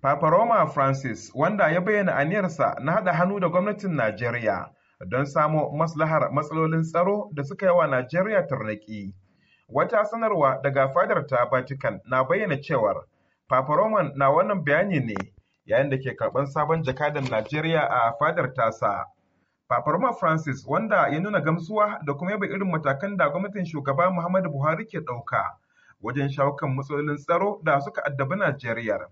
Papa Roma Francis wanda ya bayyana aniyarsa na haɗa hannu da gwamnatin Najeriya don samo maslahar matsalolin tsaro da suka yi wa Najeriya tarnaki. Wata sanarwa daga fadar ta Vatican na bayyana cewar Papa Roman na wannan bayani ne yayin da ke karɓar sabon jakadan Najeriya a fadar tasa. Papa Roma Francis wanda ya nuna gamsuwa da kuma yaba irin matakan da gwamnatin shugaba Muhammadu Buhari ke ɗauka wajen shawo kan matsalolin tsaro da suka addabi Najeriya.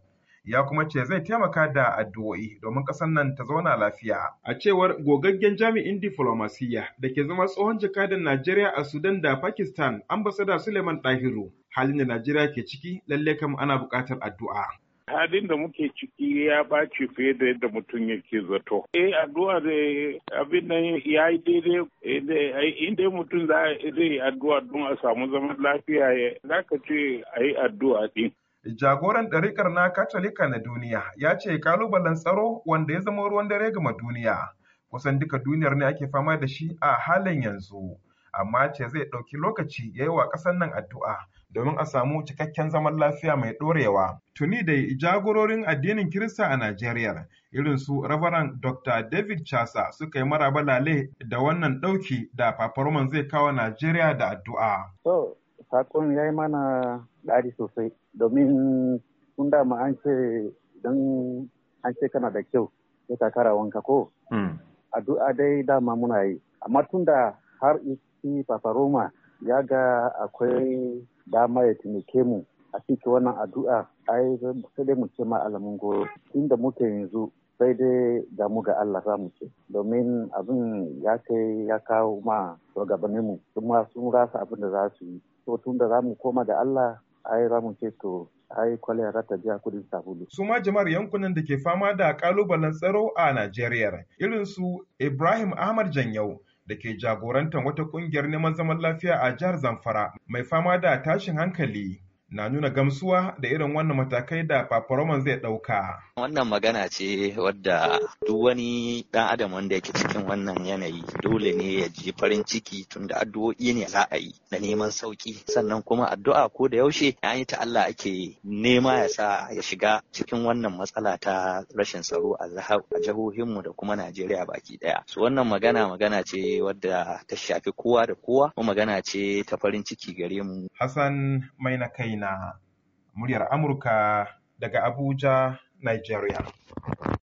ya kuma ce zai taimaka da addu'o'i domin ƙasar nan ta zauna lafiya. A cewar gogaggen jami'in diflomasiyya da ke zama tsohon jakadan Najeriya a Sudan da Pakistan, ambasada Suleiman Dahiru, halin da Najeriya ke ciki lalle kam ana buƙatar addu'a. halin da muke ciki ya ɓaci fiye da yadda mutum yake zato. Eh addu'a da abin nan ya yi daidai eh, eh, inda mutum zai yi addu'a don a samu zaman lafiya ya ce a yi addu'a ɗin. Jagoran ɗarikar na Katolika na duniya ya ce ƙalubalen tsaro wanda ya zama ruwan dare gama duniya kusan duka duniyar ne ake fama da shi a halin yanzu amma ce zai ɗauki lokaci ya yi wa ƙasar nan addu'a domin a samu cikakken zaman lafiya mai ɗorewa. Tuni da jagororin addinin Kirista a Najeriya irin su Reverend Dr. David Chasa suka yi maraba lale da wannan ɗauki da Papa zai kawo Najeriya da addu'a. sakon ya yi mana ɗari sosai domin tun dama an ce don an ce kana da kyau ya ka wanka ko hmm. addu'a dai dama muna yi amma tun da har isi roma ya ga akwai dama ya taimake mu a cikin wannan addu'a ai sai dai mu ce ma alamun goro inda muke yanzu sai dai damu ga Allah za mu ce domin abin ya kai ya kawo ma shugabanninmu kuma sun rasa abin da za su yi to tun da za mu koma da Allah ai za mu ce to ai kwalera ta a kudin sabulu. Su ma jama'ar yankunan da ke fama da kalubalen tsaro a Najeriya irin su Ibrahim Ahmad Janyau da ke jagorantar wata kungiyar neman zaman lafiya a jihar Zamfara mai fama da tashin hankali. na nuna gamsuwa da irin wannan matakai da paparoman zai ɗauka. Wannan magana ce wadda duk wani ɗan adam wanda yake cikin wannan yanayi dole ne ya ji farin ciki tun da addu'o'i ne za a yi da neman sauki sannan kuma addu'a ko da yaushe ya yi ta Allah ake nema ya sa ya shiga cikin wannan matsala ta rashin tsaro a jihohinmu da kuma Najeriya baki ɗaya. Su wannan magana magana ce wadda ta shafi kowa da kowa kuma magana ce ta farin ciki gare mu. Hassan Maina Kaina. na muryar Amurka daga Abuja, Nigeria.